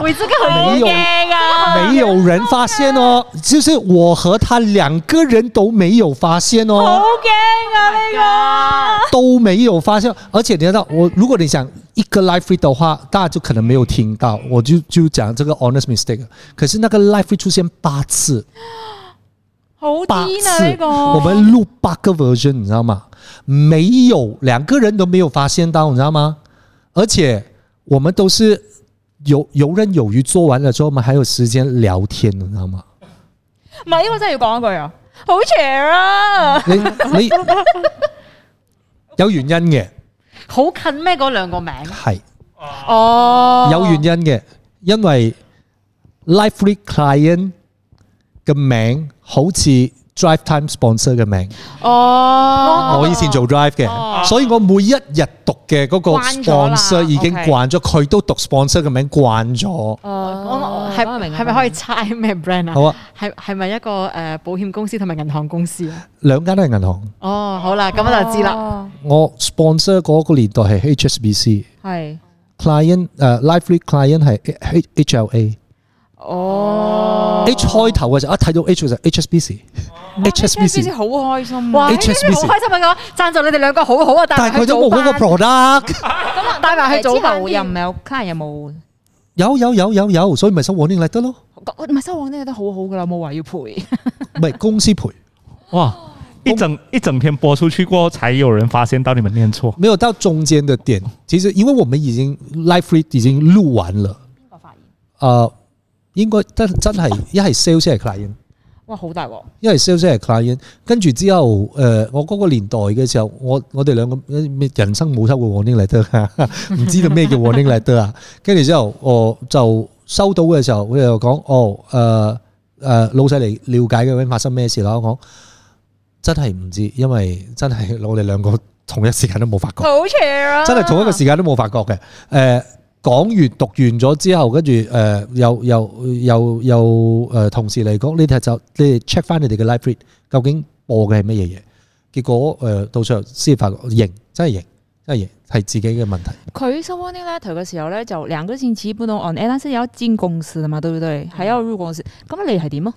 我這個好驚啊！沒有,沒有人發現哦，Okay. 就是我和他兩個人都沒有發現哦，好驚啊！那個都沒有發現，oh、而且你知道，我如果你想一個 live read 的話，大家就可能沒有聽到。我就就講這個 honest mistake，可是那個 live read 出現八次，次好低呢、啊、次那個我們錄八個 version，你知道嗎？沒有，兩個人都沒有發現到，你知道嗎？而且我們都是。游游刃有餘，做完了之後，我們還有時間聊天，你知道嗎？唔係，我真係要講一句啊，好邪啊！有原因嘅，好近咩？嗰兩個名係哦，有原因嘅，因為 lifely client 嘅名好似。Drive Time Sponsor 嘅名哦，我以前做 Drive 嘅，所以我每一日讀嘅嗰個 sponsor 已經慣咗，佢都讀 sponsor 嘅名慣咗。我係係咪可以猜咩 brand 啊？好啊，係係咪一個誒保險公司同埋銀行公司啊？兩間都係銀行。哦，好啦，咁我就知啦。我 sponsor 嗰個年代係 HSBC，係 client 誒 lively client 係 HLA。哦，H 開頭嘅就一睇到 H 就 HSBC，HSBC 好開心，哇，HSBC 好開心啊！我贊助你哋兩個好好啊，但係佢都冇嗰個 product，咁帶埋去早樓又唔係有卡，有冇？有有有有有，所以咪收黃天嚟得咯，唔係收黃天麗都好好噶啦，冇話要賠，唔係公司賠，哇！一整一整天播出去過後，才有人發現到你們唸錯，沒有到中間嘅點，其實因為我們已經 live 已經錄完了，個發音啊。應該真真係一係 sales 係 client，哇好大鑊！一係 sales 係 client，跟住之後誒，我嗰個年代嘅時候，我我哋兩個人生冇收過 warning letter 唔知道咩叫 warning letter 啊！跟住之後，我就收到嘅時候佢又講，哦誒誒、呃呃、老細嚟了解究竟發生咩事啦？我講真係唔知，因為真係我哋兩個同一時間都冇發覺，好邪啊、真係同一個時間都冇發覺嘅誒。呃講完讀完咗之後，跟住誒，又又又又誒，同時嚟講呢啲就你 check 翻你哋嘅 live read，究竟播嘅係乜嘢嘢？結果誒，到咗先發覺認，真係認，真係認，係自己嘅問題。佢收翻啲 letter 嘅時候咧，就兩個線只搬到 on，但係先有一支公司啦嘛，對唔對？係有 two 公司，咁你係點啊？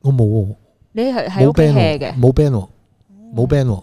我冇，你係係冇 ban 嘅，冇 ban，冇 ban。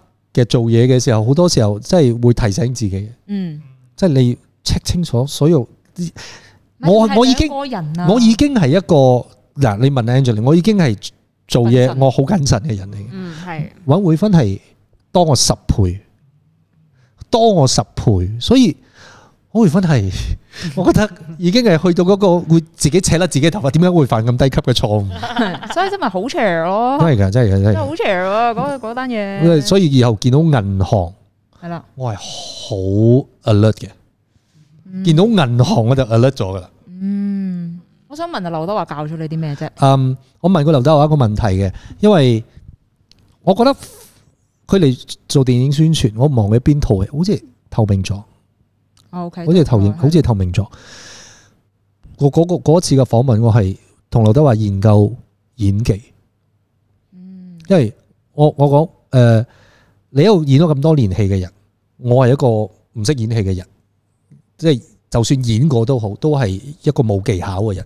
嘅做嘢嘅時候，好多時候真係會提醒自己嗯，即係你 check 清楚所有、嗯、我你是個、啊、我已經是一個你問 Angeline，我已經係一個嗱，你問 Angeline，我已經係做嘢我好謹慎嘅人嚟嘅，嗯係，揾會分係多我十倍，多我十倍，所以。好離分係，我覺得已經係去到嗰個會自己扯甩自己頭髮，點解會犯咁低級嘅錯誤？所以真係好扯咯，真係噶，真係真係好扯啊！嗰嗰單嘢，所以以後見到銀行係啦，的我係好 alert 嘅，嗯、見到銀行我就 alert 咗噶啦。嗯，我想問下劉德華教咗你啲咩啫？嗯，um, 我問過劉德華一個問題嘅，因為我覺得佢嚟做電影宣傳，我望佢邊套嘅，好似透明咗。Okay, 好似透明，好似透明狀。我嗰個次嘅訪問，我係同劉德華研究演技。嗯，因為我我講，誒，呃，你一路演咗咁多年戲嘅人，我係一個唔識演戲嘅人，即、就、係、是、就算演過都好，都係一個冇技巧嘅人。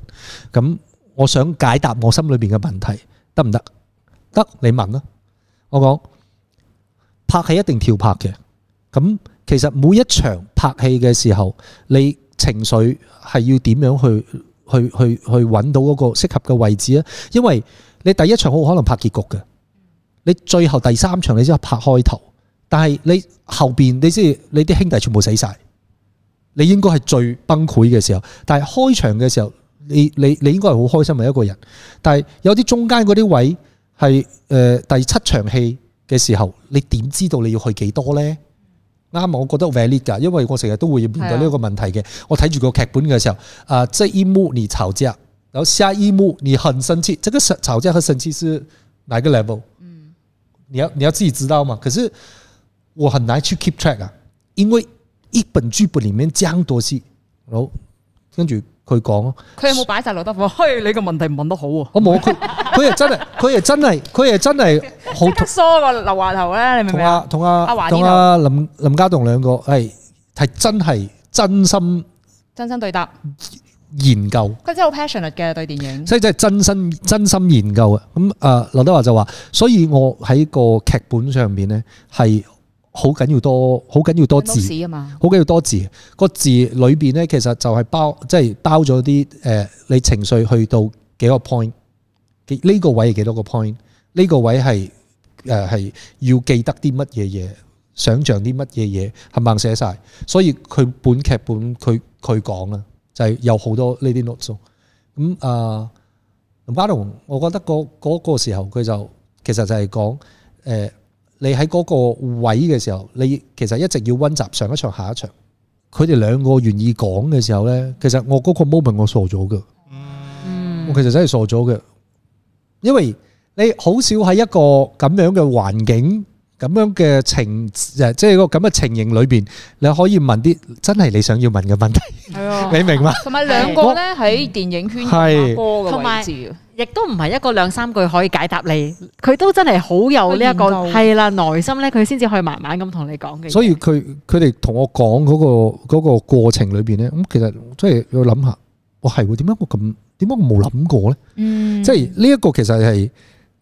咁我想解答我心裏邊嘅問題，得唔得？得，你問啊。我講拍戲一定跳拍嘅，咁。其實每一場拍戲嘅時候，你情緒係要點樣去去去去揾到嗰個適合嘅位置啊？因為你第一場好可能拍結局嘅，你最後第三場你先拍開頭，但係你後邊你知你啲兄弟全部死晒，你應該係最崩潰嘅時候。但係開場嘅時候你，你你你應該係好開心嘅一個人。但係有啲中間嗰啲位係誒第七場戲嘅時候，你點知道你要去幾多呢？啱啊，那麼我覺得 valid 㗎，因為我成日都會遇到呢一個問題嘅。啊、我睇住個劇本嘅時候，啊、呃，這一幕你吵架，然後下一幕你很生氣，這個吵吵架和生氣是哪個 level？嗯，你要你要自己知道嘛。可是我很難去 keep track 啊，因為一本劇本裡面咁多戲，哦，跟住。佢講，佢有冇擺晒劉德華？嘿，你個問題唔問得好喎！我冇佢，佢係真係，佢係真係，佢係真係好疏個劉華頭咧，你明唔明啊？同阿同阿林林家棟兩個係係真係真心真心對答研究。佢真係好 passionate 嘅對電影，所以真係真心真心研究啊！咁啊，劉德華就話，所以我喺個劇本上邊咧係。好緊要多，好緊要多字，好緊要多字。個字裏面咧，其實就係包，即、就、係、是、包咗啲你情緒去到幾個 point，呢、這個位係幾多個 point？呢、這個位係係、呃、要記得啲乜嘢嘢，想象啲乜嘢嘢，係咪寫晒？所以佢本劇本佢佢講啦，就係、是、有好多呢啲 notes。咁、呃、啊，林嘉龍，我覺得嗰嗰個時候佢就其實就係講誒。呃你喺嗰個位嘅時候，你其實一直要溫習上一場下一場。佢哋兩個願意講嘅時候咧，其實我嗰個 moment 我傻咗嘅，我其實真係傻咗嘅，因為你好少喺一個咁樣嘅環境。咁樣嘅情，誒，即係嗰個咁嘅情形裏邊，你可以問啲真係你想要問嘅問題，你明嘛？同埋兩個咧喺電影圈唱歌嘅位置，亦都唔係一個兩三句可以解答你。佢都真係好有呢一個，係啦，內心咧佢先至可以慢慢咁同你講嘅。所以佢佢哋同我講嗰個嗰個過程裏邊咧，咁其實真係要諗下，我係點解我咁點解我冇諗過咧？嗯，即係呢一個其實係。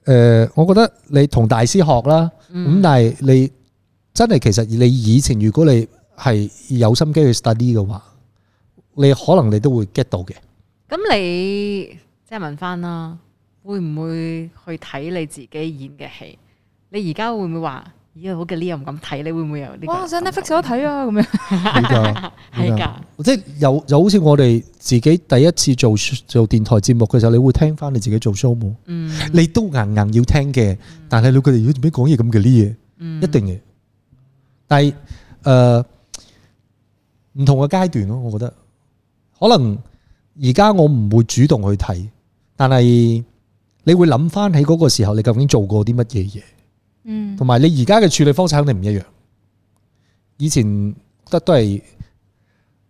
誒、呃，我覺得你同大師學啦，咁、嗯、但係你真係其實你以前如果你係有心機去 study 嘅話，你可能你都會 get 到嘅。咁、嗯、你即係、就是、問返啦，會唔會去睇你自己演嘅戲？你而家會唔會話？咦啊！我嗰啲又唔敢睇，你會唔會有？哇！真係 Netflix 手睇啊，咁樣係噶，係噶。即係又又好似我哋自己第一次做做電台節目嘅時候，你會聽翻你自己做 show 冇？嗯，你都硬硬要聽嘅。但係你佢哋要做咩講嘢咁嗰啲嘢，嗯，一定嘅。但係誒，唔同嘅階段咯，我覺得可能而家我唔會主動去睇，但係你會諗翻起嗰個時候，你究竟做過啲乜嘢嘢？嗯，同埋你而家嘅處理方式肯定唔一樣。以前得都係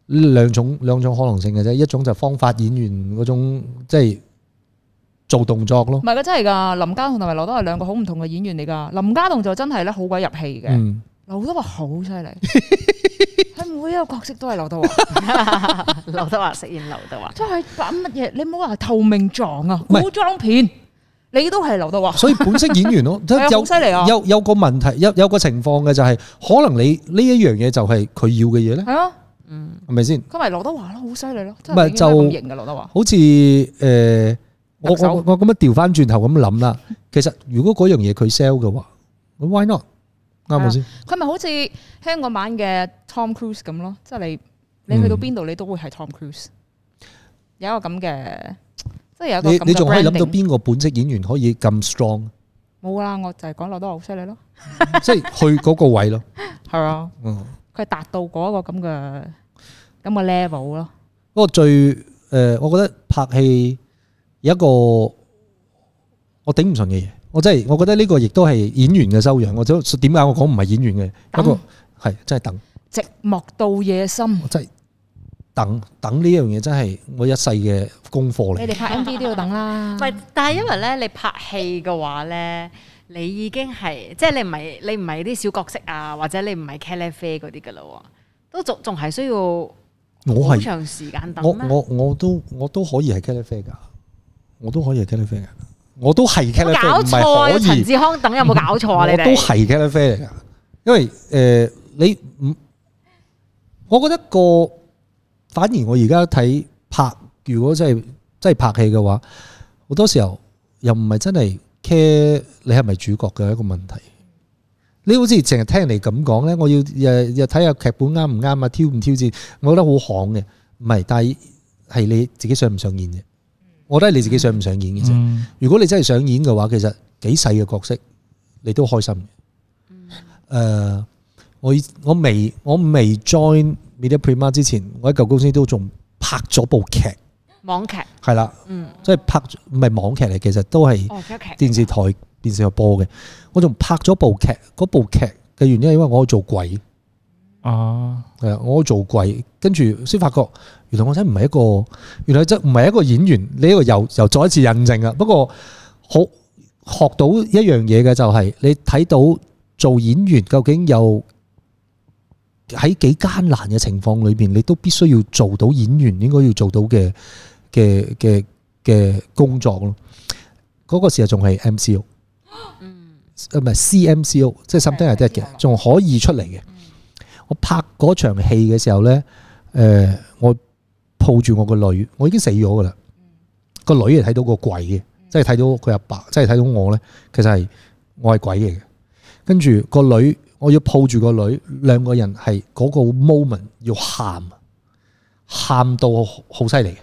兩種兩種可能性嘅啫，一種就是方法演員嗰種，即係做動作咯。唔係噶，真係噶，林家棟同埋劉德華兩個好唔同嘅演員嚟噶。林家棟就真係咧好鬼入戲嘅，劉、嗯、德華好犀利，佢 每一個角色都係劉德華，劉 德華飾演劉德華，即係佢乜嘢？你唔好話透明撞啊，古裝片。你都係劉德華，所以本色演員咯，係啊，好犀利啊！有有個問題，有有個情況嘅就係，可能你呢一樣嘢就係佢要嘅嘢咧，係啊，嗯，係咪先？佢咪劉德華咯，好犀利咯，唔係就型嘅劉德華，好似誒，我我我咁樣調翻轉頭咁諗啦。其實如果嗰樣嘢佢 sell 嘅話，我 why not 啱冇先？佢咪好似香港版嘅 Tom Cruise 咁咯，即係你你去到邊度你都會係 Tom Cruise，有一個咁嘅。你你仲可以諗到邊個本色演員可以咁 strong？冇啦，我就係講落都好犀利咯。即係去嗰個位咯，係啊，嗯，佢達到嗰個咁嘅咁嘅 level 咯。不過最誒，我覺得拍戲有一個我頂唔順嘅嘢，我真係我覺得呢個亦都係演員嘅修養。我點解我講唔係演員嘅？不過係真係等，寂寞到夜深。等等呢樣嘢真係我一世嘅功課嚟。你哋拍 MV 都要等啦。唔 但係因為咧，你拍戲嘅話咧，你已經係即係你唔係你唔係啲小角色啊，或者你唔係茄喱啡嗰啲噶啦，都仲仲係需要好長時間等我。我我我都我都可以係茄喱啡噶，我都可以係茄喱啡噶，我都係。A 我都 A、搞錯啊！陳志康等，等有冇搞錯啊？你哋都係茄喱啡嚟噶，因為誒、呃、你唔，我覺得個。反而我而家睇拍，如果真係真係拍戲嘅話，好多時候又唔係真係 care 你係咪主角嘅一個問題。你好似成日聽人哋咁講咧，我要又又睇下劇本啱唔啱啊，挑唔挑戰？我覺得好行嘅，唔係，但係係你自己想唔想演啫。我覺得係你自己想唔想演嘅啫。嗯、如果你真係想演嘅話，其實幾細嘅角色你都開心嘅。誒、嗯呃，我我未我未 join。Media Prima 之前，我喺舊公司都仲拍咗部劇，網劇係啦，對了嗯，即係拍唔係網劇嚟，其實都係電視台電視有播嘅。我仲拍咗部劇，嗰部劇嘅原因係因為我做鬼啊，係啊，我做鬼，跟住先發覺原來我真唔係一個，原來真唔係一個演員。呢個又又再一次印證啊！不過好學到一樣嘢嘅就係你睇到做演員究竟有，喺幾艱難嘅情況裏邊，你都必須要做到演員應該要做到嘅嘅嘅嘅工作咯。嗰、那個時候仲係 MCO，唔係 CMCO，即係 something like that 嘅，仲可以出嚟嘅。嗯、我拍嗰場戲嘅時候咧，誒，我抱住我個女，我已經死咗噶啦。個、嗯、女係睇到個鬼嘅，嗯、即係睇到佢阿爸，爸，即係睇到我咧。其實係我係鬼嚟嘅，跟住個女。我要抱住個女，兩個人係嗰個 moment 要喊，喊到好犀利嘅。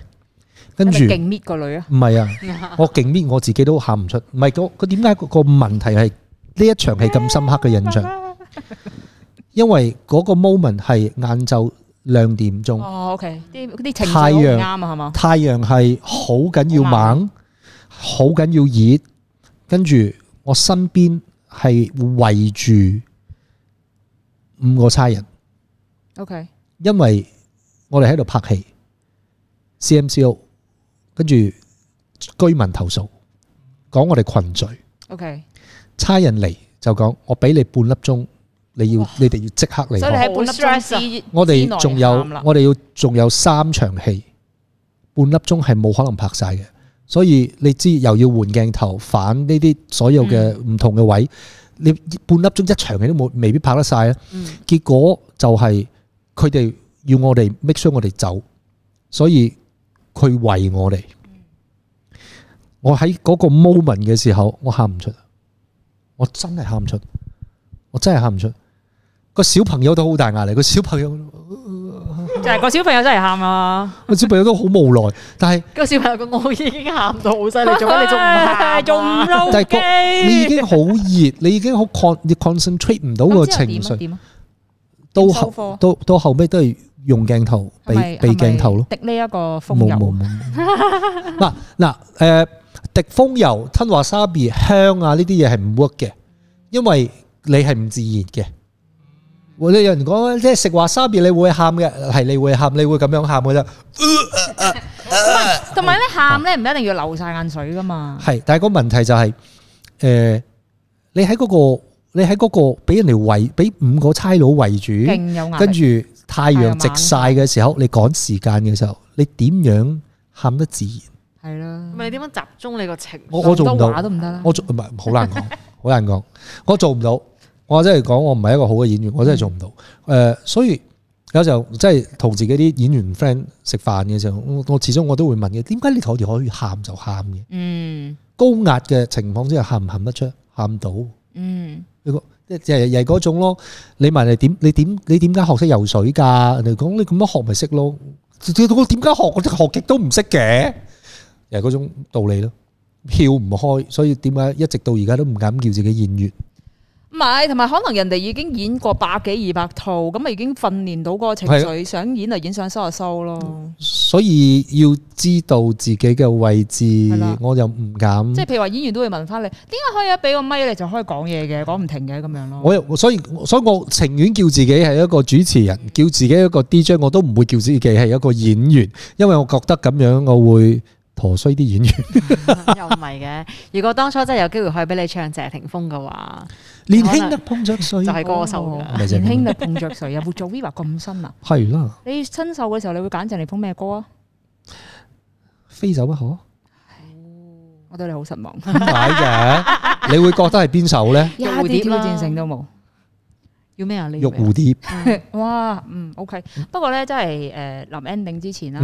跟住勁搣個女啊，唔係啊，我勁搣我自己都喊唔出。唔係個佢點解個個問題係呢一場係咁深刻嘅印象？因為嗰個 moment 係晏晝兩點鐘哦。OK，啲嗰啲太陽啱啊，係嘛？太陽係好緊要猛，好緊要熱，跟住我身邊係圍住。五個差人，OK，因為我哋喺度拍戲，CMCO，跟住居民投訴，講我哋群聚，OK，差人嚟，就講，我俾你半粒鐘，你要你哋要即刻嚟。所以喺半粒鐘，我哋仲有，我哋要仲有三場戲，半粒鐘係冇可能拍晒嘅。所以你知又要換鏡頭反呢啲所有嘅唔同嘅位，嗯、你半粒鐘一場戲都冇，未必拍得晒。啊、嗯！結果就係佢哋要我哋 make sure 我哋走，所以佢為我哋。我喺嗰個 moment 嘅時候，我喊唔出，我真係喊唔出，我真係喊唔出。出個小朋友都好大壓力，個小朋友。就係個小朋友真係喊啊！小個小朋友都好無奈，但係個小朋友個我已經喊到好犀利，做緊 你仲唔下，但係你已經好熱，你已經好 con，concentrate 唔到個情緒。後啊、到後到、啊、到後尾都係用鏡頭，俾俾鏡頭咯，滴呢一個風油。冇冇冇！嗱嗱，誒，滴風油、吞華沙 B 香啊，呢啲嘢係唔 work 嘅，因為你係唔自然嘅。或者有人講，即係食話沙米，你會喊嘅，係 你會喊，你會咁樣喊噶啫。同埋咧，喊咧唔一定要流晒眼水噶嘛。係，但係個問題就係，誒，你喺嗰、嗰個，你喺嗰個，俾人哋圍，俾五個差佬圍住，跟住太陽直曬嘅時，吧時，時候，你趕時間嘅時候，你點樣喊得自然？係咯的，咪點樣集中你個情緒話都唔得啦。我做唔係好難講，好難講，我做唔到。我真係講，我唔係一個好嘅演員，我真係做唔到。誒，嗯、所以有時候即係同自己啲演員 friend 食飯嘅時候，我始終我都會問嘅：點解你台條可以喊就喊嘅？嗯，高壓嘅情況之下喊唔喊得出？喊到，嗯，呢個即係又係嗰種咯。你問你點？你點？你點解學識游水噶人哋講你咁樣學咪識咯？我點解學我學極都唔識嘅？又係嗰種道理咯，跳唔開，所以點解一直到而家都唔敢叫自己演員。唔係，同埋可能人哋已經演過百幾二百套，咁啊已經訓練到嗰個情緒，的想演就演，想收就收咯。所以要知道自己嘅位置，的我又唔敢。即係譬如話演員都會問翻你，點解可以一俾個咪你就可以講嘢嘅，講唔停嘅咁樣咯。我又所以所以我情願叫自己係一個主持人，叫自己一個 DJ，我都唔會叫自己係一個演員，因為我覺得咁樣我會。何需啲演員？又唔係嘅。如果當初真係有機會可以俾你唱謝霆鋒嘅話，年輕就碰着誰就係歌手啦。年輕就碰着誰又冇著 Viva 咁新啊！係啦。你新秀嘅時候你會揀謝霆鋒咩歌啊？非走不可。我對你好失望。點解嘅？你會覺得係邊首咧？蝴蝶挑戰性都冇。要咩啊？你。玉蝴蝶。哇，嗯，OK。不過咧，真係誒，臨 ending 之前啦，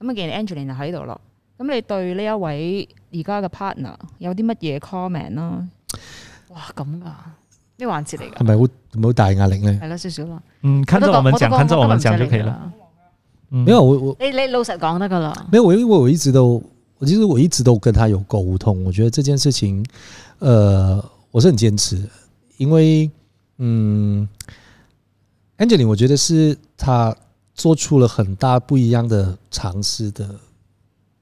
咁啊既然 Angeline 就喺度咯。咁你對呢一位而家嘅 partner 有啲乜嘢 comment 啦、啊？哇，咁噶，是是呢環節嚟噶？係咪好係咪好大壓力咧？係咯，少少咯。嗯，看着我們講，看着我們講就可以了。嗯、了沒有，我我你你老實講得噶啦。沒有，我因為我一直都，我其實我一直都跟他有溝通，我覺得這件事情，呃，我是很堅持，因為，嗯，Angeline，我覺得是他做出了很大不一樣的嘗試的。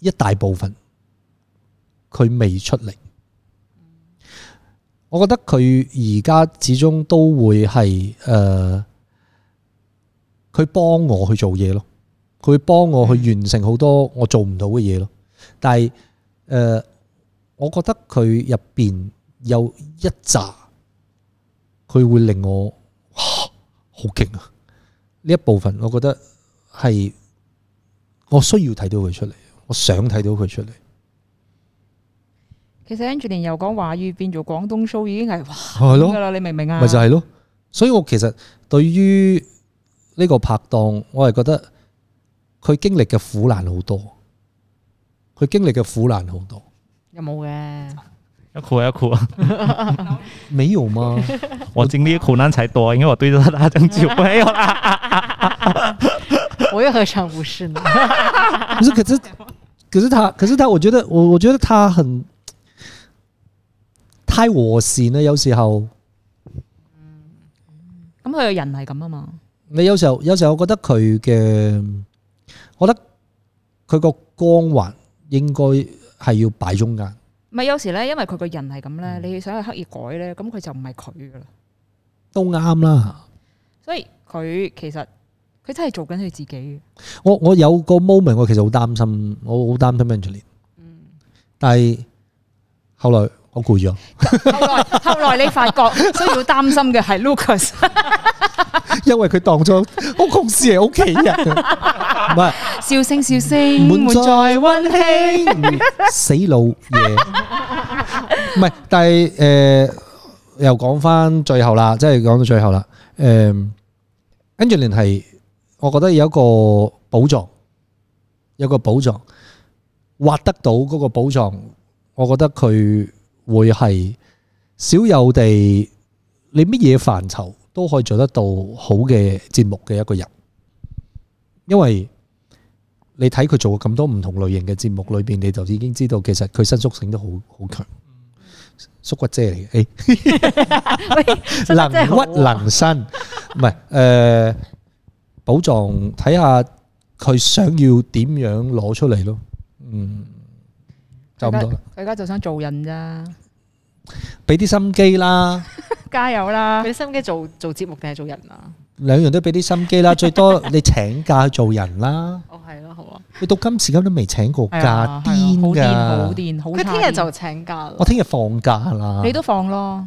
一大部分佢未出嚟，我覺得佢而家始終都會係誒，佢、呃、幫我去做嘢咯，佢幫我去完成好多我做唔到嘅嘢咯。但係誒、呃，我覺得佢入邊有一紮，佢會令我好勁啊！呢一部分我覺得係我需要睇到佢出嚟。我想睇到佢出嚟。其實 Angelina 又講華語變做廣東 show 已經係哇咁噶啦！咯你明唔明啊？咪就係咯。所以我其實對於呢個拍檔，我係覺得佢經歷嘅苦難好多，佢經歷嘅苦難好多。有冇嘅？一苦一啊，啊 沒有嘛。 我經歷苦難才多，因為我對住阿 Angelina 我又何嘗不是呢？可是，可可是他，可是他，我覺得我我覺得他很太和善咧，有時候咁佢個人係咁啊嘛。你有時候，有時候我覺得佢嘅，我覺得佢個光環應該係要擺中間。咪有時咧，因為佢個人係咁咧，你想去刻意改咧，咁佢就唔係佢噶啦。都啱啦，所以佢其實。佢真係做緊佢自己嘅。我我有個 moment，我其實好擔心，我好擔心 Angeline。嗯。但係後來我攰咗。後來後來你發覺需要擔心嘅係 Lucas，因為佢當咗屋公司係屋企人。唔係。笑聲笑聲滿載溫馨，死老嘢。唔係，但係誒又講翻最後啦，即係講到最後啦。誒，Angeline 係。我覺得有一個寶藏，有個寶藏挖得到嗰個寶藏，我覺得佢會係少有地，你乜嘢範疇都可以做得到好嘅節目嘅一個人，因為你睇佢做咁多唔同類型嘅節目裏邊，你就已經知道其實佢伸縮性都好好，哎、真的真的好好，啊、強，縮骨啫嚟嘅。誒，能屈能伸，唔係。誒。呃保障睇下佢想要點樣攞出嚟咯，嗯，做唔到啦。佢而家就想做人咋，俾啲心機啦，加油啦，俾啲心機做做節目定係做人啊？兩樣都俾啲心機啦，最多你請假做人啦。哦，係咯，好啊。你到今時今都未請過假，癲噶，冇掂，冇掂，佢聽日就請假。我聽日放假啦，你都放咯。